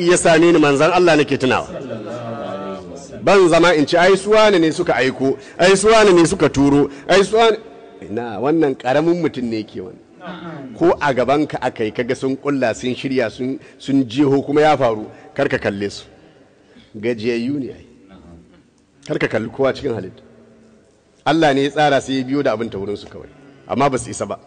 iya same ni manzan Allah nake tunawa ban zama in ci ai suwa ne suka aiko ai suwa ne suka turo ai suwa ina wannan karamin mutum ne ke wani ko a gaban ka aka kaga sun kulla sun shirya sun jeho kuma ya faru kar ka kalle su gajiyayyu ne ai kar ka kalli kowa cikin halitta Allah ne ya tsara sai ya biyo da abin ta wurin su kawai amma ba su isa ba